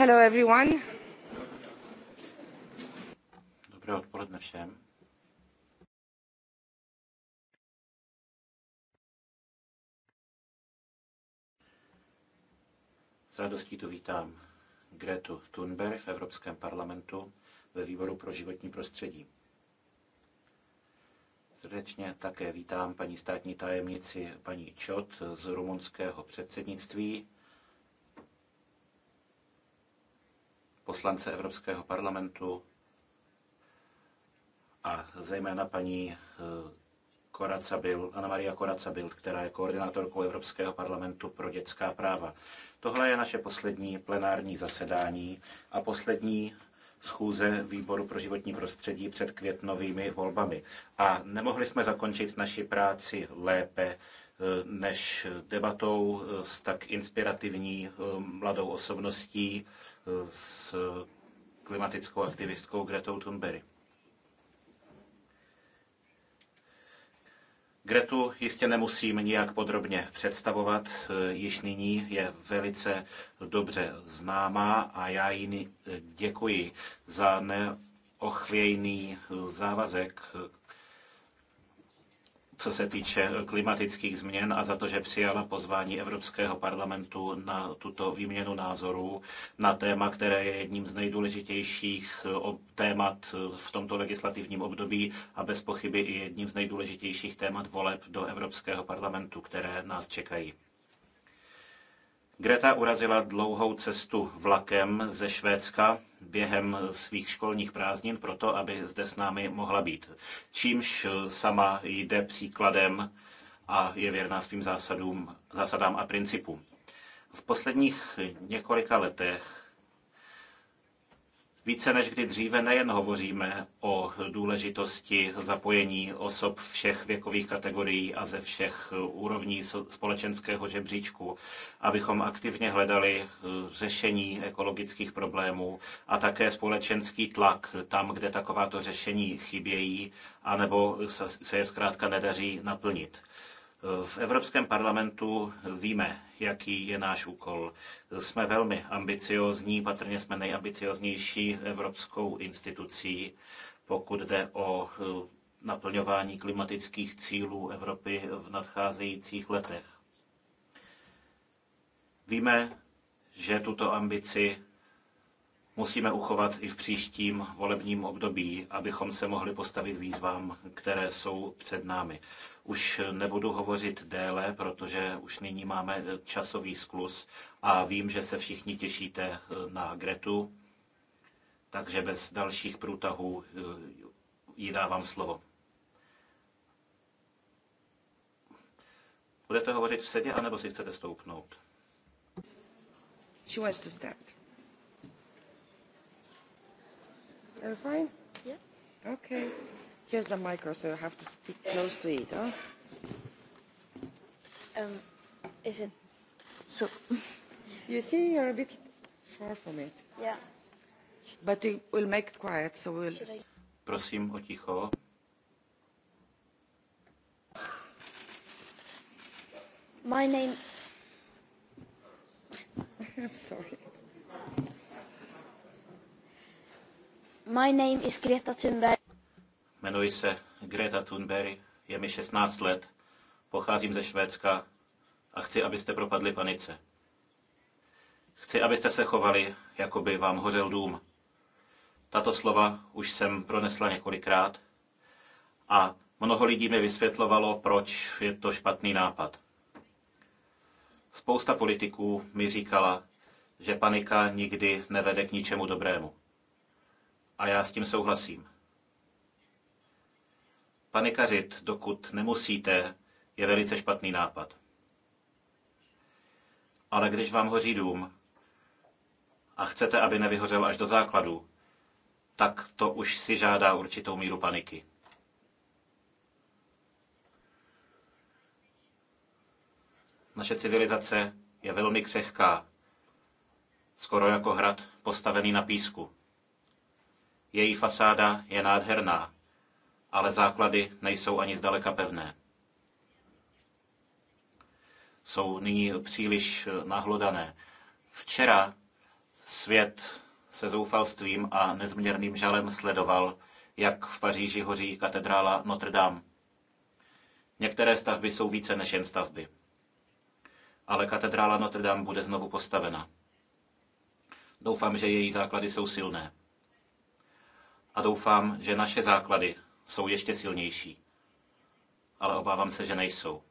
Hello everyone. Dobré odpoledne všem. S radostí tu vítám Gretu Thunberg v Evropském parlamentu ve výboru pro životní prostředí. Srdečně také vítám paní státní tajemnici paní Čot z rumunského předsednictví poslance Evropského parlamentu a zejména paní eh, Koracabil, Anna Maria Koracabil, která je koordinátorkou Evropského parlamentu pro dětská práva. Tohle je naše poslední plenární zasedání a poslední schůze výboru pro životní prostředí před květnovými volbami. A nemohli jsme zakončit naši práci lépe eh, než debatou eh, s tak inspirativní eh, mladou osobností, s klimatickou aktivistkou Gretou Thunberry. Gretu jistě nemusím nijak podrobně představovat, e, již nyní je velice dobře známá a já jí děkuji za neochvějný e, závazek co se týče klimatických změn a za to, že přijala pozvání Evropského parlamentu na tuto výměnu názorů na téma, které je jedním z nejdůležitějších témat v tomto legislativním období a bez pochyby i jedním z nejdůležitějších témat voleb do Evropského parlamentu, které nás čekají. Greta urazila dlouhou cestu vlakem ze Švédska během svých školních prázdnin proto, aby zde s námi mohla být. Čímž sama jde příkladem a je věrná svým zásadům, zásadám a principům. V posledních několika letech více než kdy dříve nejen hovoříme o důležitosti zapojení osob všech věkových kategorií a ze všech eh, úrovní společenského žebříčku, abychom aktivně hledali eh, řešení ekologických problémů a také společenský tlak tam, kde takováto řešení chybějí, anebo se je zkrátka nedaří naplnit. V Evropském parlamentu víme, jaký je náš úkol. Jsme velmi ambiciozní, patrně jsme nejambicioznější evropskou institucí, pokud jde o eh, naplňování klimatických cílů Evropy v nadcházejících letech. Víme, že tuto ambici musíme uchovat i v příštím volebním období, abychom se mohli postavit výzvám, které jsou před námi. Už nebudu hovořit déle, protože už nyní máme časový sklus a vím, že se všichni těšíte na Gretu, takže bez dalších průtahů eh, jí dávám slovo. Budete hovořit v sedě, anebo si chcete stoupnout? She wants to start. Are fine? Yeah. Okay. Here's the micro, so you have to speak close to it, huh? Um, is it so? you see, you're a bit far from it. Yeah. But we will make it quiet, so we'll. Prosím o ticho. My name. I'm sorry. My name is Greta Thunberg. Jmenuji se Greta Thunberg, je mi 16 let, pocházím ze Švédska a chci, abyste propadli panice. Chci, abyste se chovali, jako by vám hořel dům. Tato slova už jsem pronesla několikrát a mnoho lidí mi vysvětlovalo, proč je to špatný nápad. Spousta politiků mi říkala, že panika nikdy nevede k ničemu dobrému. A já s tím souhlasím. Panikařit, dokud nemusíte, je velice špatný nápad. Ale když vám hoří dům a chcete, aby nevyhořel až do základu, tak to už si žádá určitou míru paniky. Naše civilizace je velmi křehká, skoro jako hrad postavený na písku. Její fasáda je nádherná, ale základy nejsou ani zdaleka pevné. Jsou nyní příliš eh, nahlodané. Včera svět se zoufalstvím a nezměrným žalem sledoval, jak v Paříži hoří katedrála Notre Dame. Některé stavby jsou více než jen stavby. Ale katedrála Notre Dame bude znovu postavena. Doufám, že její základy jsou silné a doufám, že naše základy jsou ještě silnější. Ale obávám se, že nejsou.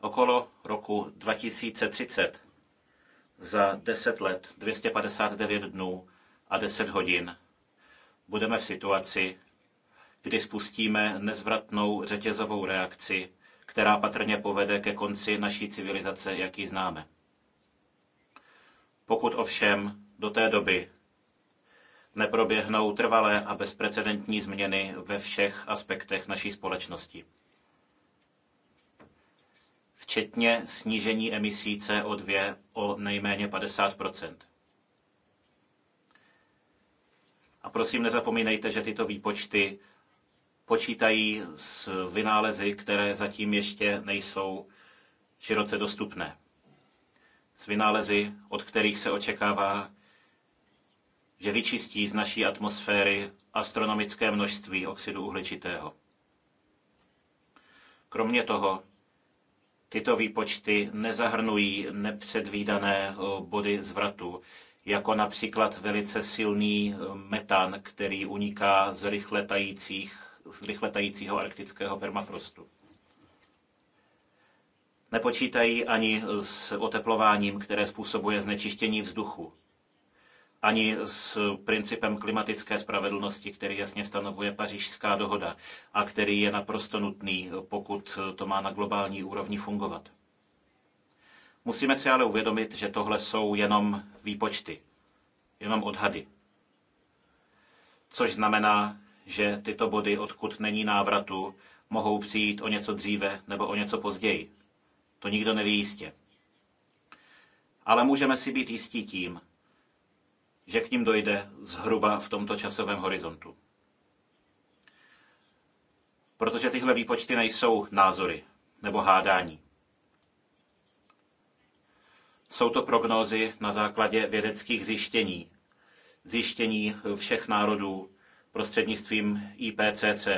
Okolo roku 2030 za 10 let, 259 dnů a 10 hodin budeme v situaci, kdy spustíme nezvratnou řetězovou reakci, která patrně povede ke konci naší civilizace, jak ji známe. Pokud ovšem do té doby neproběhnou trvalé a bezprecedentní změny ve všech aspektech naší společnosti. Včetně snížení emisí CO2 o nejméně 50 A prosím, nezapomínejte, že tyto výpočty počítají s vynálezy, které zatím ještě nejsou široce dostupné. S vynálezy, od kterých se očekává že vyčistí z naší atmosféry astronomické množství oxidu uhličitého. Kromě toho, tyto výpočty nezahrnují nepředvídané eh, body zvratu, jako například velice silný eh, metan, který uniká z rychle, tajících, z rychle tajícího arktického permafrostu. Nepočítají ani s oteplováním, které způsobuje znečištění vzduchu ani s principem klimatické spravedlnosti, který jasně stanovuje pařížská dohoda a který je naprosto nutný, pokud to má na globální úrovni fungovat. Musíme si ale uvědomit, že tohle jsou jenom výpočty, jenom odhady. Což znamená, že tyto body, odkud není návratu, mohou přijít o něco dříve nebo o něco později. To nikdo neví jistě. Ale můžeme si být jistí tím, že k ním dojde zhruba v tomto časovém horizontu. Protože tyhle výpočty nejsou názory nebo hádání. Jsou to prognózy na základě vědeckých zjištění, zjištění všech národů prostřednictvím IPCC.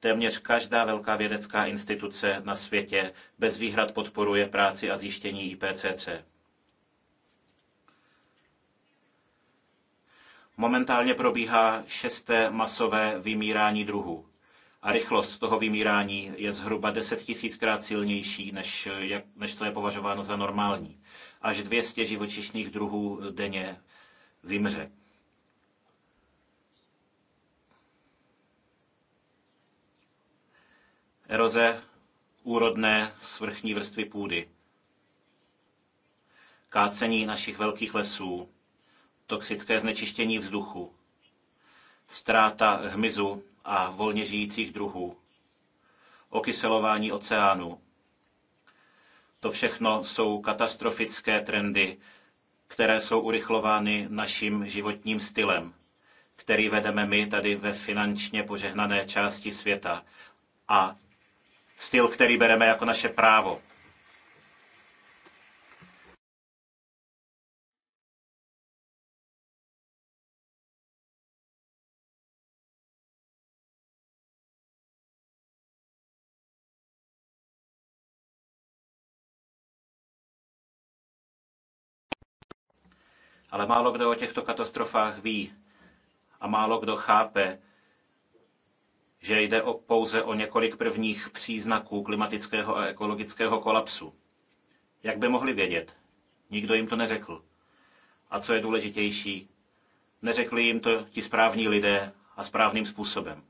Téměř každá velká vědecká instituce na světě bez výhrad podporuje práci a zjištění IPCC. Momentálně probíhá šesté masové vymírání druhů. A rychlost toho vymírání je zhruba 10 tisíckrát silnější, než, jak, než co je považováno za normální. Až 200 živočišných druhů denně vymře. Eroze úrodné svrchní vrstvy půdy, kácení našich velkých lesů, toxické znečištění vzduchu, ztráta hmyzu a volně žijících druhů, okyselování oceánu. To všechno jsou katastrofické trendy, které jsou urychlovány naším životním stylem, který vedeme my tady ve finančně požehnané části světa a styl, který bereme jako naše právo. Ale málo kdo o těchto katastrofách ví a málo kdo chápe, že jde o pouze o několik prvních příznaků klimatického a ekologického kolapsu. Jak by mohli vědět? Nikdo jim to neřekl. A co je důležitější, neřekli jim to ti správní lidé a správným způsobem.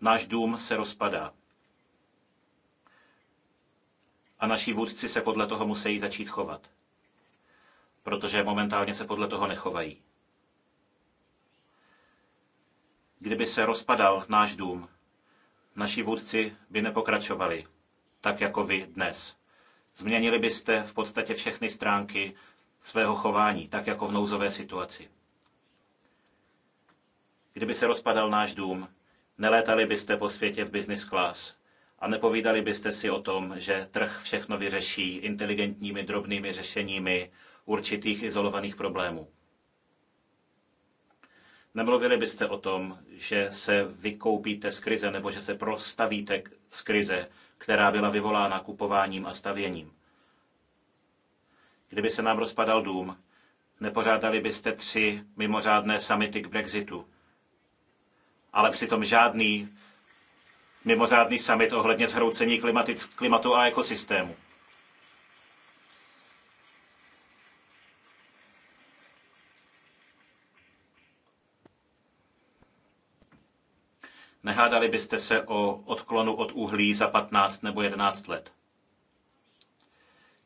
Náš dům se rozpadá. A naši vůdci se podle toho musí začít chovat protože momentálně se podle toho nechovají. Kdyby se rozpadal náš dům, naši vůdci by nepokračovali, tak jako vy dnes. Změnili byste v podstatě všechny stránky svého chování, tak jako v nouzové situaci. Kdyby se rozpadal náš dům, nelétali byste po světě v business class a nepovídali byste si o tom, že trh všechno vyřeší inteligentními drobnými řešeními určitých izolovaných problémů. Nemluvili byste o tom, že se vykoupíte z krize nebo že se prostavíte z krize, která byla vyvolána kupováním a stavěním. Kdyby se nám rozpadal dům, nepořádali byste tři mimořádné samity k Brexitu. Ale přitom žádný mimořádný summit ohledně zhroucení klimatu a ekosystému. Nehádali byste se o odklonu od uhlí za 15 nebo 11 let?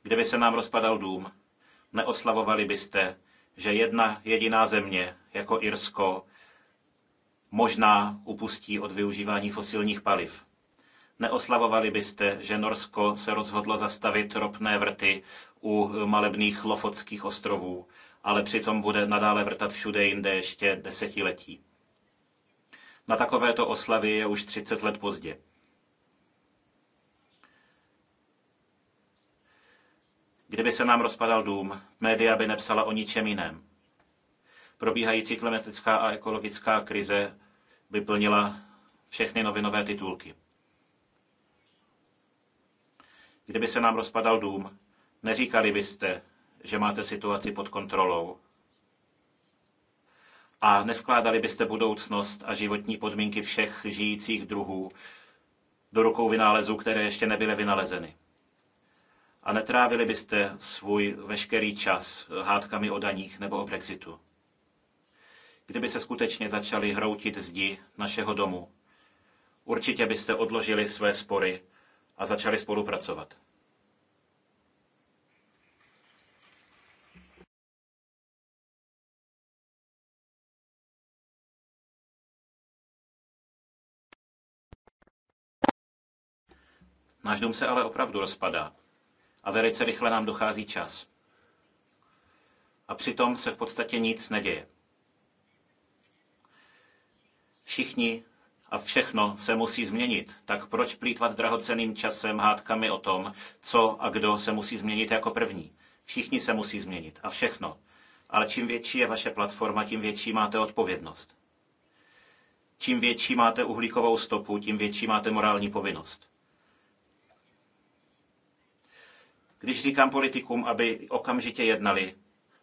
Kdyby se nám rozpadal dům, neoslavovali byste, že jedna jediná země, jako Irsko, možná upustí od využívání fosilních paliv. Neoslavovali byste, že Norsko se rozhodlo zastavit ropné vrty u malebných Lofotských ostrovů, ale přitom bude nadále vrtat všude jinde ještě desetiletí. Na takovéto oslavy je už 30 let pozdě. Kdyby se nám rozpadal dům, média by nepsala o ničem jiném. Probíhající klimatická a ekologická krize by plnila všechny novinové titulky. Kdyby se nám rozpadal dům, neříkali byste, že máte situaci pod kontrolou, a nevkládali byste budoucnost a životní podmínky všech žijících druhů do rukou vynálezů, které ještě nebyly vynalezeny. A netrávili byste svůj veškerý čas hádkami o daních nebo o Brexitu. Kdyby se skutečně začaly hroutit zdi našeho domu, určitě byste odložili své spory a začali spolupracovat. Náš dům se ale opravdu rozpadá. A velice rychle nám dochází čas. A přitom se v podstatě nic neděje. Všichni a všechno se musí změnit, tak proč plítvat drahoceným časem hádkami o tom, co a kdo se musí změnit jako první? Všichni se musí změnit a všechno. Ale čím větší je vaše platforma, tím větší máte odpovědnost. Čím větší máte uhlíkovou stopu, tím větší máte morální povinnost. Když říkám politikům, aby okamžitě jednali,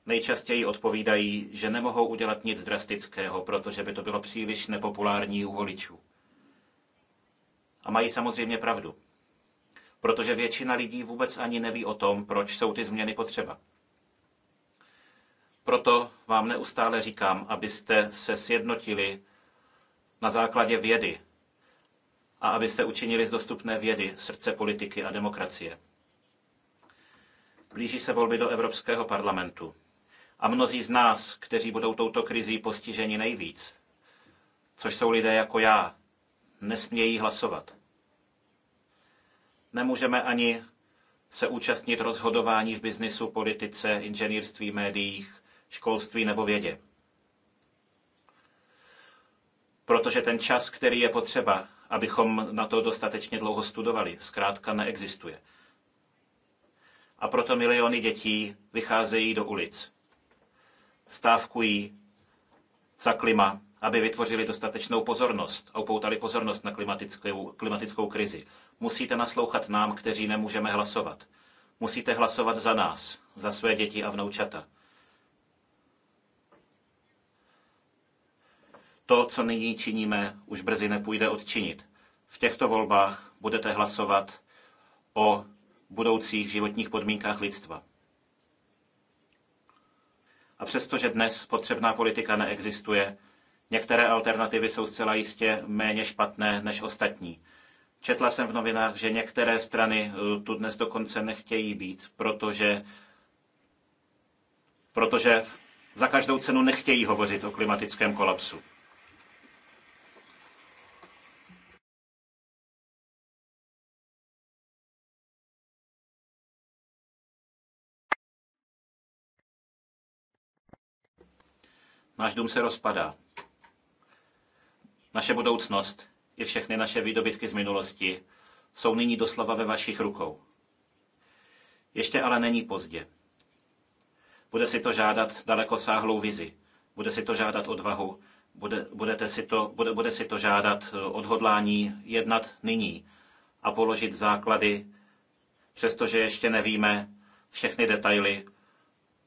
nejčastěji odpovídají, že nemohou udělat nic drastického, protože by to bylo příliš nepopulární u voličů. A mají samozřejmě pravdu, protože většina lidí vůbec ani neví o tom, proč jsou ty změny potřeba. Proto vám neustále říkám, abyste se sjednotili na základě vědy a abyste učinili z dostupné vědy srdce politiky a demokracie. Blíží se volby do Evropského parlamentu. A mnozí z nás, kteří budou touto krizí postiženi nejvíc, což jsou lidé jako já, nesmějí hlasovat. Nemůžeme ani se účastnit rozhodování v biznisu, politice, inženýrství, médiích, školství nebo vědě. Protože ten čas, který je potřeba, abychom na to dostatečně dlouho studovali, zkrátka neexistuje a proto miliony dětí vycházejí do ulic. Stávkují za klima, aby vytvořili dostatečnou pozornost a upoutali pozornost na klimatickou, klimatickou krizi. Musíte naslouchat nám, kteří nemůžeme hlasovat. Musíte hlasovat za nás, za své děti a vnoučata. To, co nyní činíme, už brzy nepůjde odčinit. V těchto volbách budete hlasovat o budoucích životních podmínkách lidstva. A přestože dnes potřebná politika neexistuje, některé alternativy jsou zcela jistě méně špatné než ostatní. Četla jsem v novinách, že některé strany eh, tu dnes dokonce nechtějí být, protože, protože za každou cenu nechtějí hovořit o klimatickém kolapsu. Náš dům se rozpadá. Naše budoucnost i všechny naše výdobytky z minulosti jsou nyní doslova ve vašich rukou. Ještě ale není pozdě. Bude si to žádat daleko sáhlou vizi. Bude si to žádat odvahu. Bude, budete si to, bude, bude si to žádat eh, odhodlání jednat nyní a položit základy, přestože ještě nevíme všechny detaily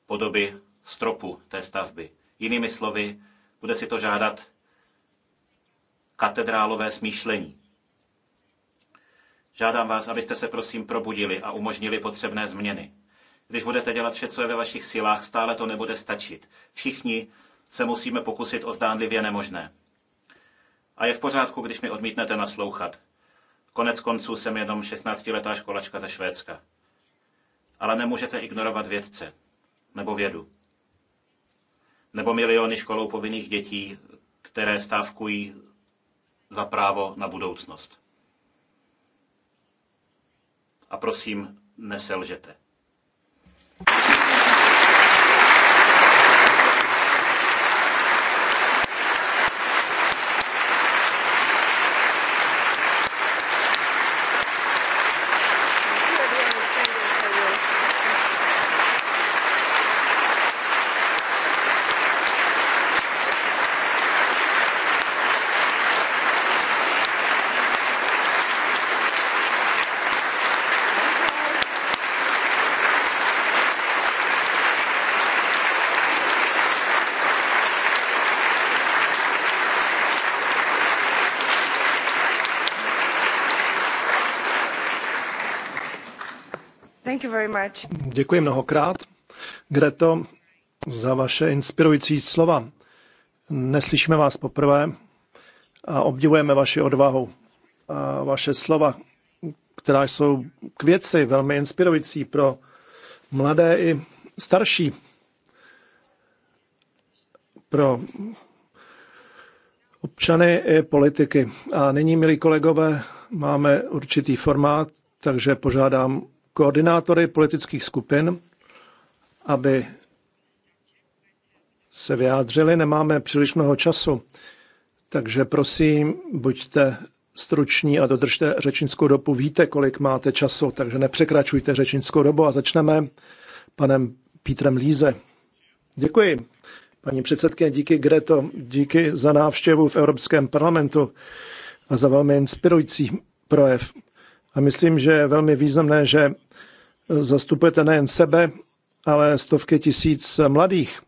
podoby stropu té stavby. Jinými slovy, bude si to žádat katedrálové smýšlení. Žádám vás, abyste se prosím probudili a umožnili potřebné změny. Když budete dělat vše, co je ve vašich silách, stále to nebude stačit. Všichni se musíme pokusit o zdánlivě nemožné. A je v pořádku, když mi odmítnete naslouchat. Konec konců jsem jenom 16-letá školačka ze Švédska. Ale nemůžete ignorovat vědce nebo vědu nebo miliony školou povinných dětí, které stávkují za právo na budoucnost. A prosím, neselžete. Thank you very much. Děkuji mnohokrát, Greto, za vaše inspirující slova. Neslyšíme vás poprvé a obdivujeme vaši odvahu a vaše slova, která jsou k věci velmi inspirující pro mladé i starší, pro občany i politiky. A nyní, milí kolegové, máme určitý formát, takže požádám koordinátory politických skupin, aby se vyjádřili. Nemáme příliš mnoho času, takže prosím, buďte struční a dodržte řečnickou dobu. Víte, kolik máte času, takže nepřekračujte řečnickou dobu a začneme panem Pítrem Líze. Děkuji. Paní předsedkyně, díky Greto, díky za návštěvu v Evropském parlamentu a za velmi inspirující projev. A myslím, že je velmi významné, že eh, zastupujete nejen sebe, ale stovky tisíc mladých,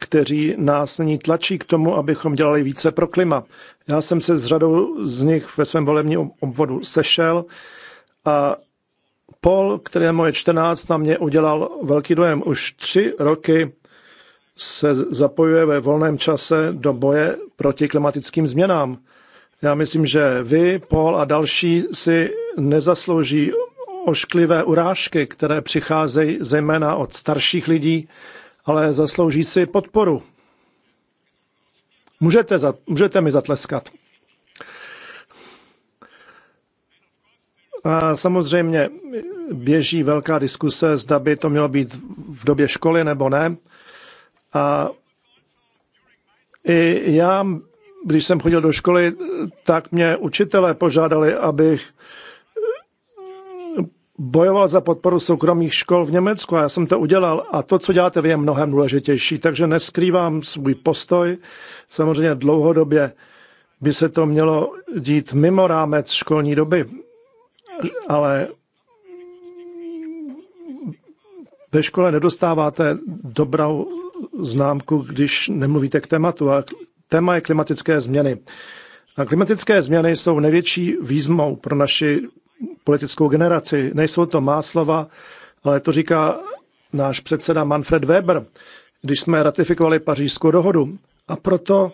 kteří nás nyní tlačí k tomu, abychom dělali více pro klima. Já jsem se s řadou z nich ve svém volebním obvodu sešel a Paul, který je moje 14, na mě udělal velký dojem. Už tři roky se zapojuje ve volném čase do boje proti klimatickým změnám. Já myslím, že vy, Paul a další si nezaslouží ošklivé urážky, které přicházejí zejména od starších lidí, ale zaslouží si podporu. Můžete, za, můžete mi zatleskat. A samozřejmě běží velká diskuse, zda by to mělo být v době školy nebo ne. A i já když jsem chodil do školy, tak mě učitelé požádali, abych eh, bojoval za podporu soukromých škol v Německu a já jsem to udělal a to, co děláte vy, je mnohem důležitější, takže neskrývám svůj postoj. Samozřejmě dlouhodobě by se to mělo dít mimo rámec školní doby, ale ve škole nedostáváte dobrou známku, když nemluvíte k tématu a Téma je klimatické změny. A klimatické změny jsou největší výzmou pro naši politickou generaci. Nejsou to má slova, ale to říká náš předseda Manfred Weber, když jsme ratifikovali pařížskou dohodu. A proto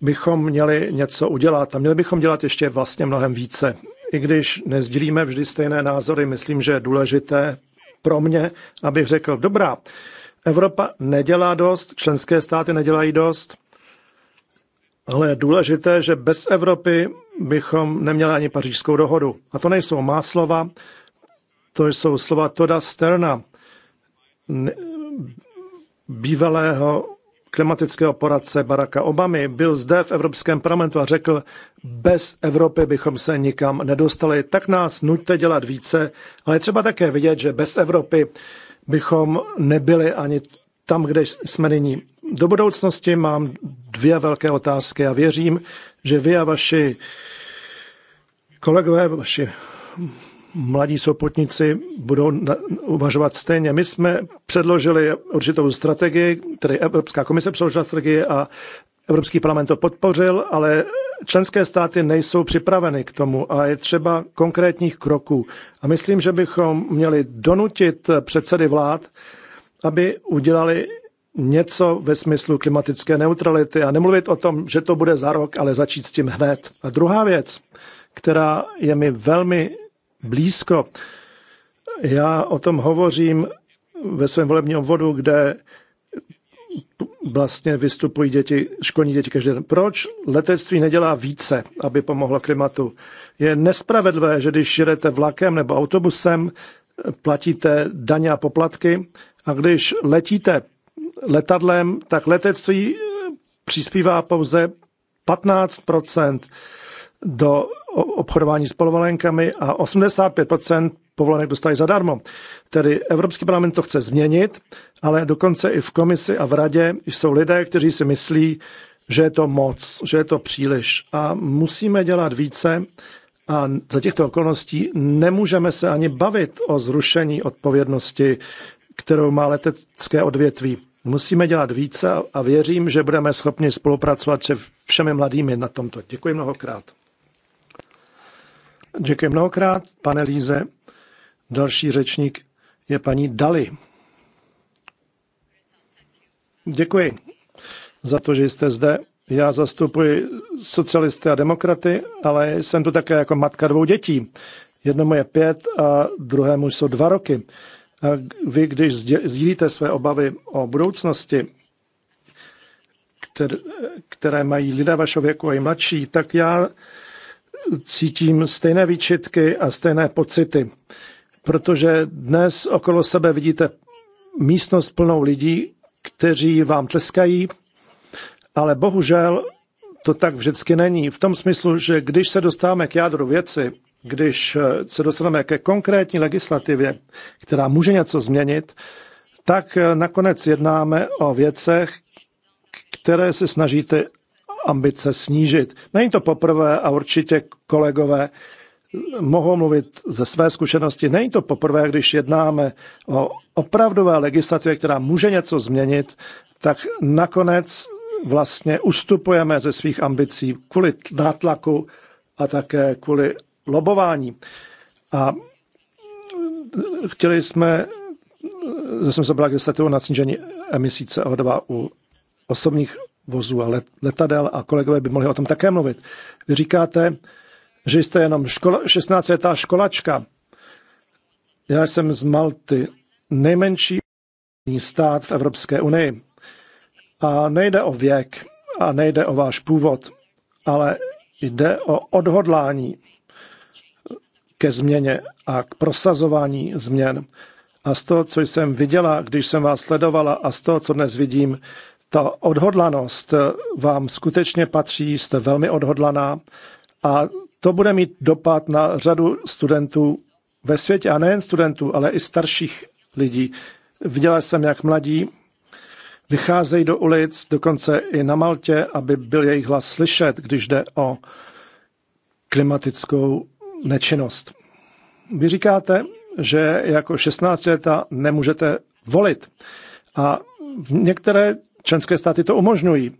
bychom měli něco udělat a měli bychom dělat ještě vlastně mnohem více. I když nezdílíme vždy stejné názory, myslím, že je důležité pro mě, abych řekl, dobrá, Evropa nedělá dost, členské státy nedělají dost, ale je důležité, že bez Evropy bychom neměli ani pařížskou dohodu. A to nejsou má slova, to jsou slova Toda Sterna, bývalého klimatického poradce Baracka Obamy, byl zde v Evropském parlamentu a řekl, bez Evropy bychom se nikam nedostali, tak nás nuďte dělat více, ale je třeba také vidět, že bez Evropy bychom nebyli ani tam, kde jsme nyní. Do budoucnosti mám dvě velké otázky a věřím, že vy a vaši kolegové, vaši mladí soupotníci budou uvažovat stejně. My jsme předložili určitou strategii, tedy Evropská komise předložila strategii a Evropský parlament to podpořil, ale členské státy nejsou připraveny k tomu a je třeba konkrétních kroků. A myslím, že bychom měli donutit předsedy vlád, aby udělali něco ve smyslu klimatické neutrality a nemluvit o tom, že to bude za rok, ale začít s tím hned. A druhá věc, která je mi velmi blízko, já o tom hovořím ve svém volebním obvodu, kde vlastně vystupují děti, školní děti každý den. Proč letectví nedělá více, aby pomohlo klimatu? Je nespravedlivé, že když jedete vlakem nebo autobusem, platíte daně a poplatky a když letíte, letadlem, tak letectví eh, přispívá pouze 15 do obchodování s polovolenkami a 85 povolenek dostají zadarmo. Tedy Evropský parlament to chce změnit, ale dokonce i v komisi a v radě jsou lidé, kteří si myslí, že je to moc, že je to příliš a musíme dělat více a za těchto okolností nemůžeme se ani bavit o zrušení odpovědnosti, kterou má letecké odvětví. Musíme dělat více a věřím, že budeme schopni spolupracovat se všemi mladými na tomto. Děkuji mnohokrát. Děkuji mnohokrát, pane Líze. Další řečník je paní Dali. Děkuji za to, že jste zde. Já zastupuji socialisty a demokraty, ale jsem tu také jako matka dvou dětí. Jednomu je pět a druhému jsou dva roky vy, když sdílíte své obavy o budoucnosti, které mají lidé vašeho věku a i mladší, tak já cítím stejné výčitky a stejné pocity, protože dnes okolo sebe vidíte místnost plnou lidí, kteří vám tleskají, ale bohužel to tak vždycky není. V tom smyslu, že když se dostáváme k jádru věci, když eh, se dostaneme ke konkrétní legislativě, která může něco změnit, tak eh, nakonec jednáme o věcech, které se snažíte ambice snížit. Není to poprvé a určitě kolegové eh, mohou mluvit ze své zkušenosti. Není to poprvé, když jednáme o opravdové legislativě, která může něco změnit, tak nakonec vlastně ustupujeme ze svých ambicí kvůli nátlaku a také kvůli lobování. A chtěli jsme, že jsme zabrali legislativu na snížení emisí CO2 u osobních vozů a letadel a kolegové by mohli o tom také mluvit. Vy říkáte, že jste jenom škola, 16 letá školačka. Já jsem z Malty, nejmenší stát v Evropské unii. A nejde o věk a nejde o váš původ, ale jde o odhodlání ke změně a k prosazování změn. A z toho, co jsem viděla, když jsem vás sledovala a z toho, co dnes vidím, ta odhodlanost vám skutečně patří, jste velmi odhodlaná a to bude mít dopad na řadu studentů ve světě, a nejen studentů, ale i starších lidí. Viděla jsem, jak mladí vycházejí do ulic, dokonce i na Maltě, aby byl jejich hlas slyšet, když jde o klimatickou nečinnost. Vy říkáte, že jako 16 leta nemůžete volit. A některé členské státy to umožňují.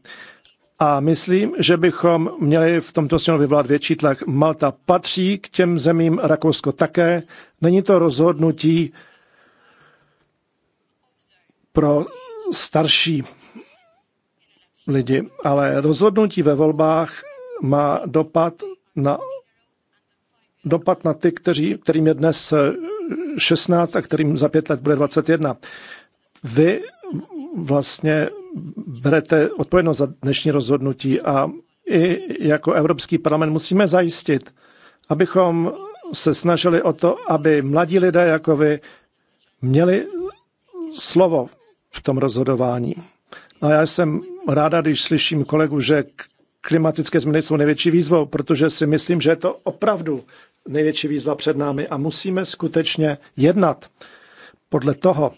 A myslím, že bychom měli v tomto směru vyvolat větší tlak. Malta patří k těm zemím, Rakousko také. Není to rozhodnutí pro starší lidi, ale rozhodnutí ve volbách má dopad na dopad na ty, kteří, kterým je dnes 16 eh, a kterým za pět let bude 21. Vy vlastně berete odpovědnost za dnešní rozhodnutí a i jako Evropský parlament musíme zajistit, abychom se snažili o to, aby mladí lidé jako vy měli slovo v tom rozhodování. A já jsem ráda, když slyším kolegu, že klimatické změny jsou největší výzvou, protože si myslím, že je to opravdu největší výzva před námi a musíme skutečně jednat podle toho.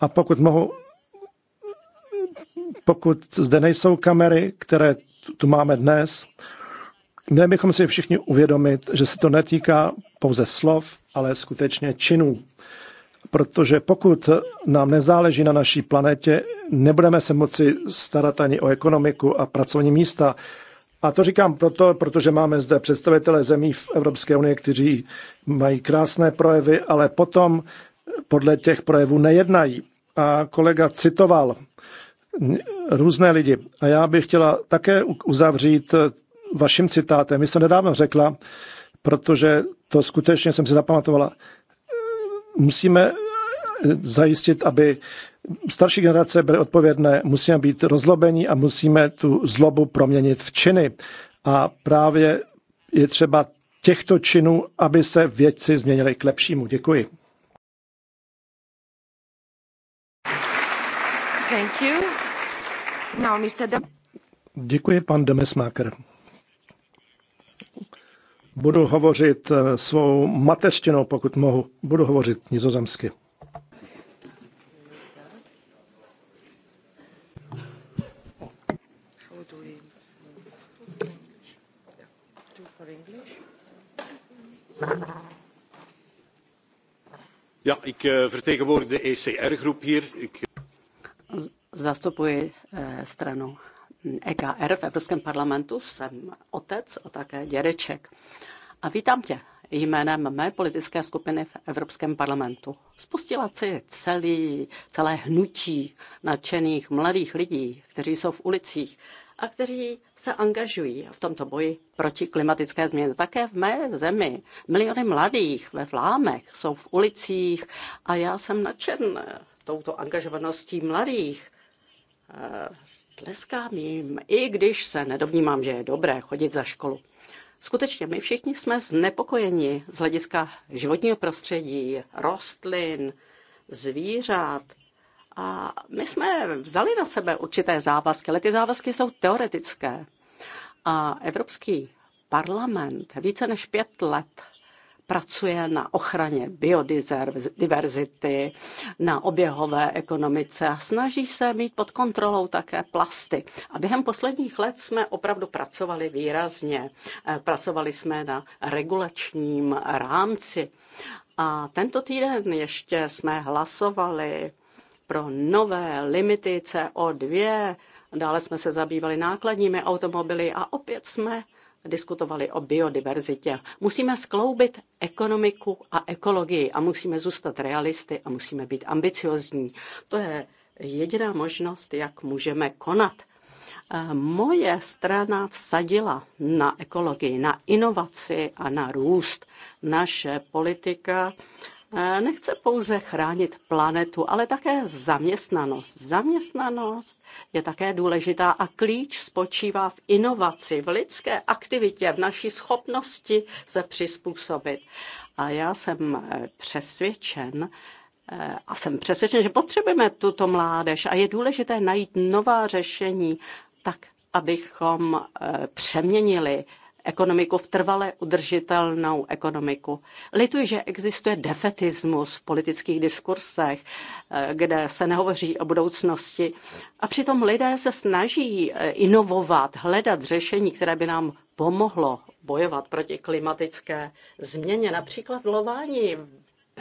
A pokud mohu, pokud zde nejsou kamery, které tu máme dnes, měli bychom si všichni uvědomit, že se to netýká pouze slov, ale skutečně činů. Protože pokud nám nezáleží na naší planetě, nebudeme se moci starat ani o ekonomiku a pracovní místa. A to říkám proto, protože máme zde představitele zemí v Evropské unii, kteří mají krásné projevy, ale potom podle těch projevů nejednají. A kolega citoval různé lidi. A já bych chtěla také uzavřít eh, vaším citátem. Vy jste nedávno řekla, protože to skutečně jsem si zapamatovala, eh, musíme zajistit, aby starší generace byly odpovědné, musíme být rozlobení a musíme tu zlobu proměnit v činy. A právě je třeba těchto činů, aby se věci změnily k lepšímu. Děkuji. Thank you. Now, Mr. De- Děkuji, pan Demesmaker. Budu hovořit eh, svou mateřštinou, pokud mohu. Budu hovořit nizozemsky. Ja, ik eh, vertegenwoordig de ECR-groep hier. Ik... Eh, Zastupuji eh, stranu hm, EKR v Evropském parlamentu, jsem otec a také dědeček. A vítám tě jménem mé politické skupiny v Evropském parlamentu. Spustila si celý, celé hnutí nadšených mladých lidí, kteří jsou v ulicích, a kteří se angažují v tomto boji proti klimatické změně. Také v mé zemi miliony mladých ve vlámech jsou v ulicích a já jsem nadšen touto angažovaností mladých. Eh, tleskám jim, i když se nedovnímám, že je dobré chodit za školu. Skutečně, my všichni jsme znepokojeni z hlediska životního prostředí, rostlin, zvířat, a my jsme vzali na sebe určité závazky, ale ty závazky jsou teoretické. A Evropský parlament více než pět let pracuje na ochraně biodiverzity, na oběhové ekonomice a snaží se mít pod kontrolou také plasty. A během posledních let jsme opravdu pracovali výrazně. E, pracovali jsme na regulačním rámci. A tento týden ještě jsme hlasovali pro nové limity CO2. Dále jsme se zabývali nákladními automobily a opět jsme diskutovali o biodiverzitě. Musíme skloubit ekonomiku a ekologii a musíme zůstat realisty a musíme být ambiciozní. To je jediná možnost, jak můžeme konat. Eh, moje strana vsadila na ekologii, na inovaci a na růst. Naše politika Eh, nechce pouze chránit planetu, ale také zaměstnanost. Zaměstnanost je také důležitá a klíč spočívá v inovaci, v lidské aktivitě, v naší schopnosti se přizpůsobit. A já jsem eh, přesvědčen, eh, a jsem přesvědčen, že potřebujeme tuto mládež a je důležité najít nová řešení tak, abychom přeměnili ekonomiku v trvale udržitelnou ekonomiku. Lituji, že existuje defetismus v politických diskursech, eh, kde se nehovoří o budoucnosti. A přitom lidé se snaží eh, inovovat, hledat řešení, které by nám pomohlo bojovat proti klimatické změně. Například lování v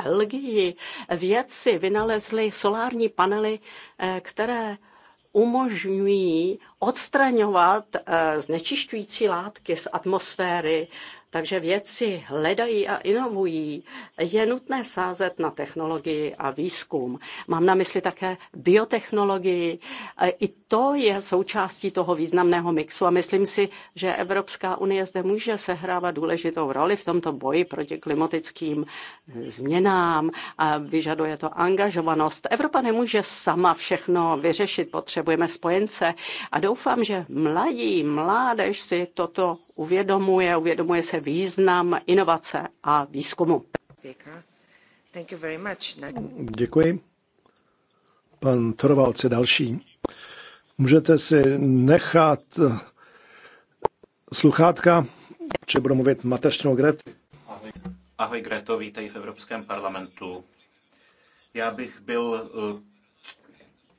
Belgii eh, vědci vynalezli solární panely, které umožňují odstraňovat eh, znečišťující látky z atmosféry takže věci hledají a inovují. Je nutné sázet na technologii a výzkum. Mám na mysli také biotechnologii. I to je součástí toho významného mixu a myslím si, že Evropská unie zde může sehrávat důležitou roli v tomto boji proti klimatickým změnám. A vyžaduje to angažovanost. Evropa nemůže sama všechno vyřešit, potřebujeme spojence a doufám, že mladí, mládež si toto uvědomuje, uvědomuje se význam inovace a výzkumu. Děkuji. Pan Torvalce další. Můžete si nechat eh, sluchátka, či budu mluvit mateřskou Gret. Ahoj. Ahoj Greto, vítej v Evropském parlamentu. Já bych byl eh,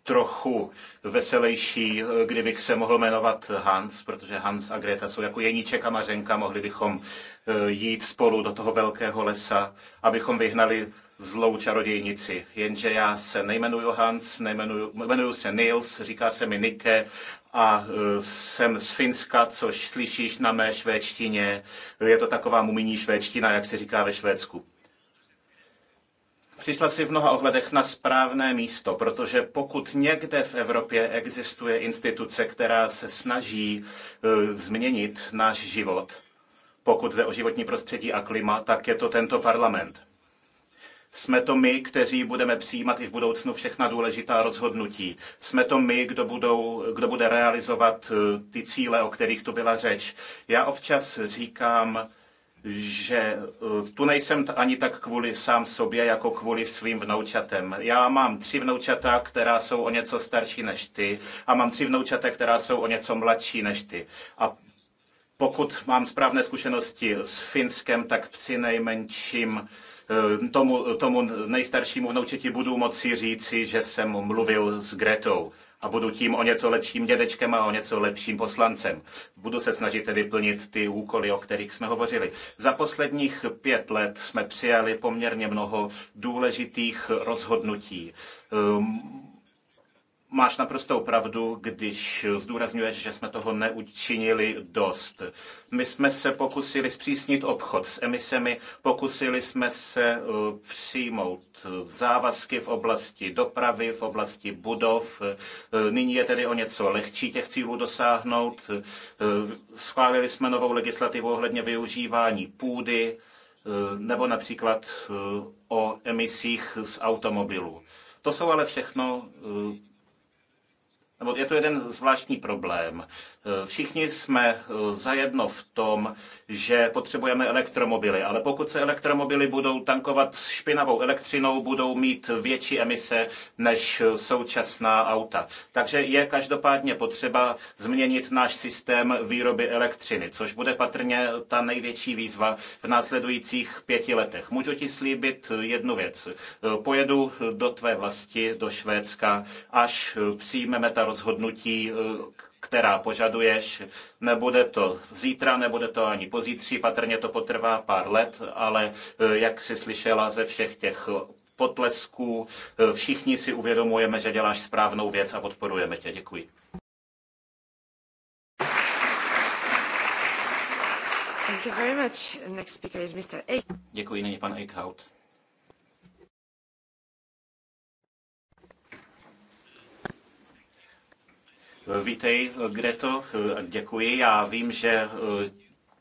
trochu veselejší, kdybych se mohl jmenovat Hans, protože Hans a Greta jsou jako Jeníček a Mařenka, mohli bychom eh, jít spolu do toho velkého lesa, abychom vyhnali zlou čarodějnici. Jenže já se nejmenuju Hans, nejmenuju, jmenuju se Nils, říká se mi Nike a eh, jsem z Finska, což slyšíš na mé švédštině. Je to taková muminí švédština, jak se říká ve Švédsku přišla si v mnoha ohledech na správné místo, protože pokud někde v Evropě existuje instituce, která se snaží e, změnit náš život, pokud jde o životní prostředí a klima, tak je to tento parlament. Jsme to my, kteří budeme přijímat i v budoucnu všechna důležitá rozhodnutí. Jsme to my, kdo, budou, kdo bude realizovat e, ty cíle, o kterých tu byla řeč. Já občas říkám, že eh, tu nejsem ani tak kvůli sám sobě, jako kvůli svým vnoučatem. Já mám tři vnoučata, která jsou o něco starší než ty a mám tři vnoučata, která jsou o něco mladší než ty. A pokud mám správné zkušenosti s Finskem, tak při nejmenším eh, tomu, tomu nejstaršímu vnoučeti budu moci říci, že jsem mluvil s Gretou a budu tím o něco lepším dědečkem a o něco lepším poslancem. Budu se snažit tedy plnit ty úkoly, o kterých jsme hovořili. Za posledních pět let jsme přijali poměrně mnoho důležitých rozhodnutí. Um, Máš naprostou pravdu, když zdůrazňuješ, že jsme toho neučinili dost. My jsme se pokusili zpřísnit obchod s emisemi, pokusili jsme se eh, přijmout eh, závazky v oblasti dopravy, v oblasti budov. Eh, nyní je tedy o něco lehčí těch cílů dosáhnout. Schválili jsme novou legislativu ohledně využívání půdy nebo například o emisích z automobilů. To jsou ale všechno nebo je to jeden zvláštní problém. Všichni jsme eh, zajedno v tom, že potřebujeme elektromobily, ale pokud se elektromobily budou tankovat špinavou elektřinou, budou mít větší emise než eh, současná auta. Takže je každopádně potřeba změnit náš systém výroby elektřiny, což bude patrně ta největší výzva v následujících pěti letech. Můžu ti slíbit eh, jednu věc. Pojedu do tvé vlasti, do Švédska, až přijmeme ta rozhodnutí, eh, která požaduješ. Nebude to zítra, nebude to ani pozítří, patrně to potrvá pár let, ale eh, jak jsi slyšela ze všech těch potlesků, eh, všichni si uvědomujeme, že děláš správnou věc a podporujeme tě. Děkuji. Thank you very much. Next speaker is Mr. Děkuji, nyní pan Eickhout. Vítej, Greto, děkuji. Já vím, že eh,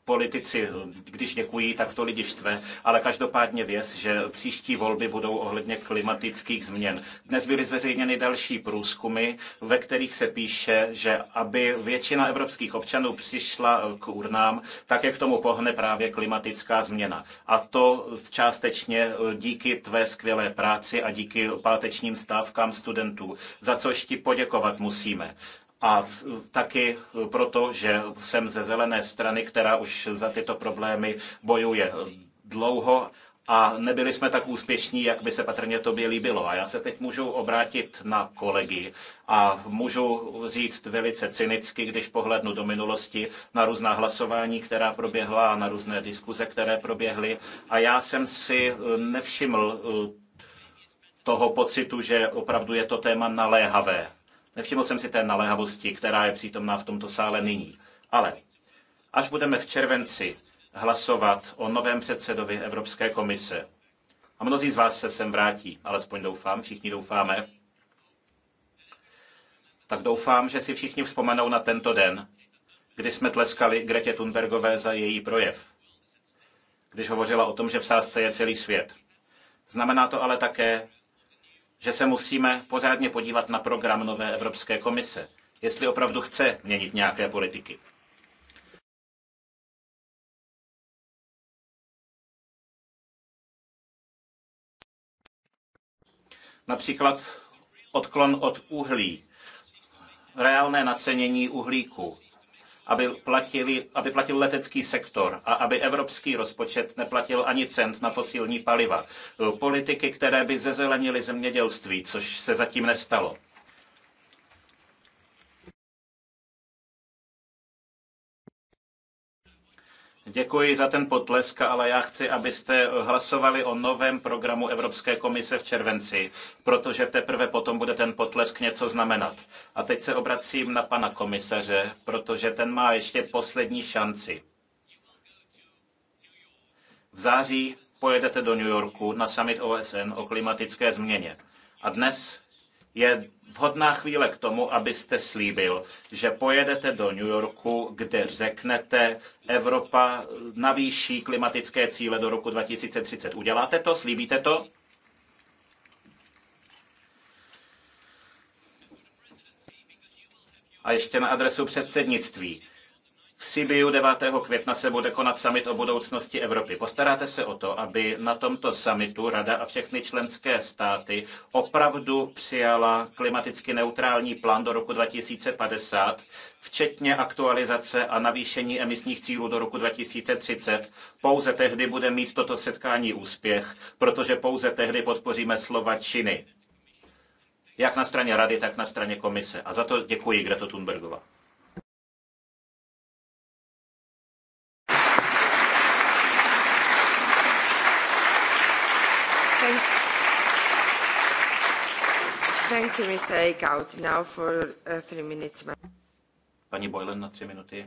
politici, eh, když děkují, tak to lidi štve, ale každopádně věz, že příští volby budou ohledně klimatických změn. Dnes byly zveřejněny další průzkumy, ve kterých se píše, že aby většina evropských občanů přišla eh, k urnám, tak je k tomu pohne právě klimatická změna. A to částečně díky tvé skvělé práci a díky pátečním stávkám studentů, za což ti poděkovat musíme a taky proto, že jsem ze zelené strany, která už za tyto problémy bojuje dlouho a nebyli jsme tak úspěšní, jak by se patrně tobě líbilo. A já se teď můžu obrátit na kolegy a můžu říct velice cynicky, když pohlednu do minulosti na různá hlasování, která proběhla a na různé diskuze, které proběhly. A já jsem si eh, nevšiml eh, toho pocitu, že opravdu je to téma naléhavé Nevšiml jsem si té naléhavosti, která je přítomná v tomto sále nyní. Ale až budeme v červenci hlasovat o novém předsedovi Evropské komise, a mnozí z vás se sem vrátí, alespoň doufám, všichni doufáme, tak doufám, že si všichni vzpomenou na tento den, kdy jsme tleskali Gretě Thunbergové za její projev, když hovořila o tom, že v sásce je celý svět. Znamená to ale také, že se musíme pořádně podívat na program nové Evropské komise, jestli opravdu chce měnit nějaké politiky. Například odklon od uhlí, reálné nacenění uhlíku, aby, platili, aby platil letecký sektor a aby evropský rozpočet neplatil ani cent na fosilní paliva. Politiky, které by zezelenily zemědělství, což se zatím nestalo. Děkuji za ten potlesk, ale já chci, abyste hlasovali o novém programu Evropské komise v červenci, protože teprve potom bude ten potlesk něco znamenat. A teď se obracím na pana komisaře, protože ten má ještě poslední šanci. V září pojedete do New Yorku na summit OSN o klimatické změně. A dnes je vhodná chvíle k tomu, abyste slíbil, že pojedete do New Yorku, kde řeknete, Evropa navýší klimatické cíle do roku 2030. Uděláte to? Slíbíte to? A ještě na adresu předsednictví. V Sibiu 9. května se bude konat summit o budoucnosti Evropy. Postaráte se o to, aby na tomto summitu Rada a všechny členské státy opravdu přijala klimaticky neutrální plán do roku 2050, včetně aktualizace a navýšení emisních cílů do roku 2030. Pouze tehdy bude mít toto setkání úspěch, protože pouze tehdy podpoříme slova činy. Jak na straně Rady, tak na straně Komise. A za to děkuji, Greta Thunbergova. Thank, thank you, Mr. Eickhout. Now for uh, three minutes. Paní Boylan na tři minuty.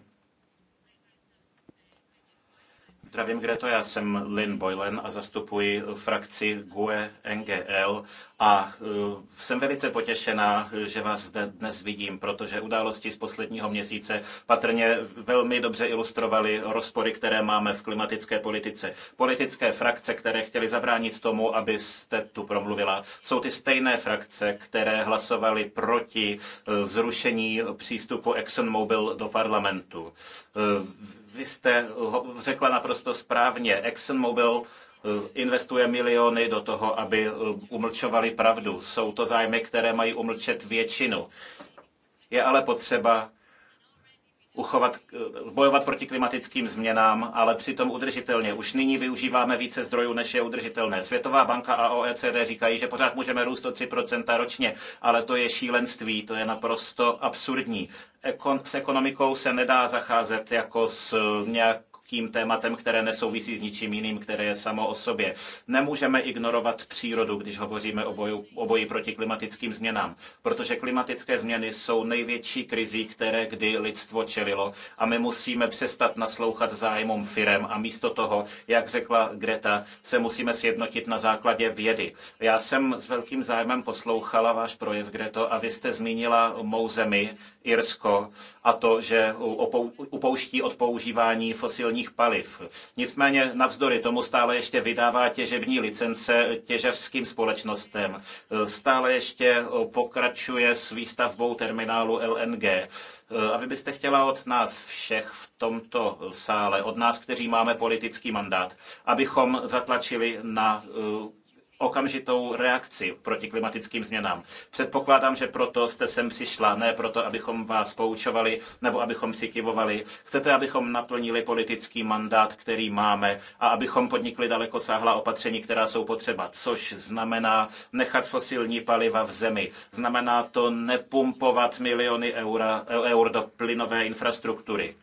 Zdravím, Greto, já jsem Lynn Boylen a zastupuji frakci GUE NGL a e, jsem velice potěšená, že vás zde dnes vidím, protože události z posledního měsíce patrně velmi dobře ilustrovaly rozpory, které máme v klimatické politice. Politické frakce, které chtěly zabránit tomu, abyste tu promluvila, jsou ty stejné frakce, které hlasovaly proti e, zrušení přístupu ExxonMobil do parlamentu e, vy jste eh, řekla naprosto správně, ExxonMobil eh, investuje miliony do toho, aby eh, umlčovali pravdu. Jsou to zájmy, které mají umlčet většinu. Je ale potřeba uchovat, eh, bojovat proti klimatickým změnám, ale přitom udržitelně. Už nyní využíváme více zdrojů, než je udržitelné. Světová banka a OECD říkají, že pořád můžeme růst o 3% ročně, ale to je šílenství, to je naprosto absurdní. Ekon, s ekonomikou se nedá zacházet jako s eh, nějak tím tématem, které nesouvisí s ničím jiným, které je samo o sobě. Nemůžeme ignorovat přírodu, když hovoříme o, boju, o boji proti klimatickým změnám, protože klimatické změny jsou největší krizí, které kdy lidstvo čelilo a my musíme přestat naslouchat zájmům firem a místo toho, jak řekla Greta, se musíme sjednotit na základě vědy. Já jsem s velkým zájmem poslouchala váš projev, Greto, a vy jste zmínila mou zemi, Irsko a to, že upouští od používání fosilních paliv. Nicméně navzdory tomu stále ještě vydává těžební licence těžařským společnostem. Stále ještě eh, pokračuje s výstavbou terminálu LNG. Eh, a vy byste chtěla od nás všech v tomto sále, od nás, kteří máme politický mandát, abychom zatlačili na eh, okamžitou reakci proti klimatickým změnám. Předpokládám, že proto jste sem přišla, ne proto, abychom vás poučovali nebo abychom přikyvovali. Chcete, abychom naplnili politický mandát, který máme a abychom podnikli daleko sáhla opatření, která jsou potřeba, což znamená nechat fosilní paliva v zemi. Znamená to nepumpovat miliony eura, e, eur do plynové infrastruktury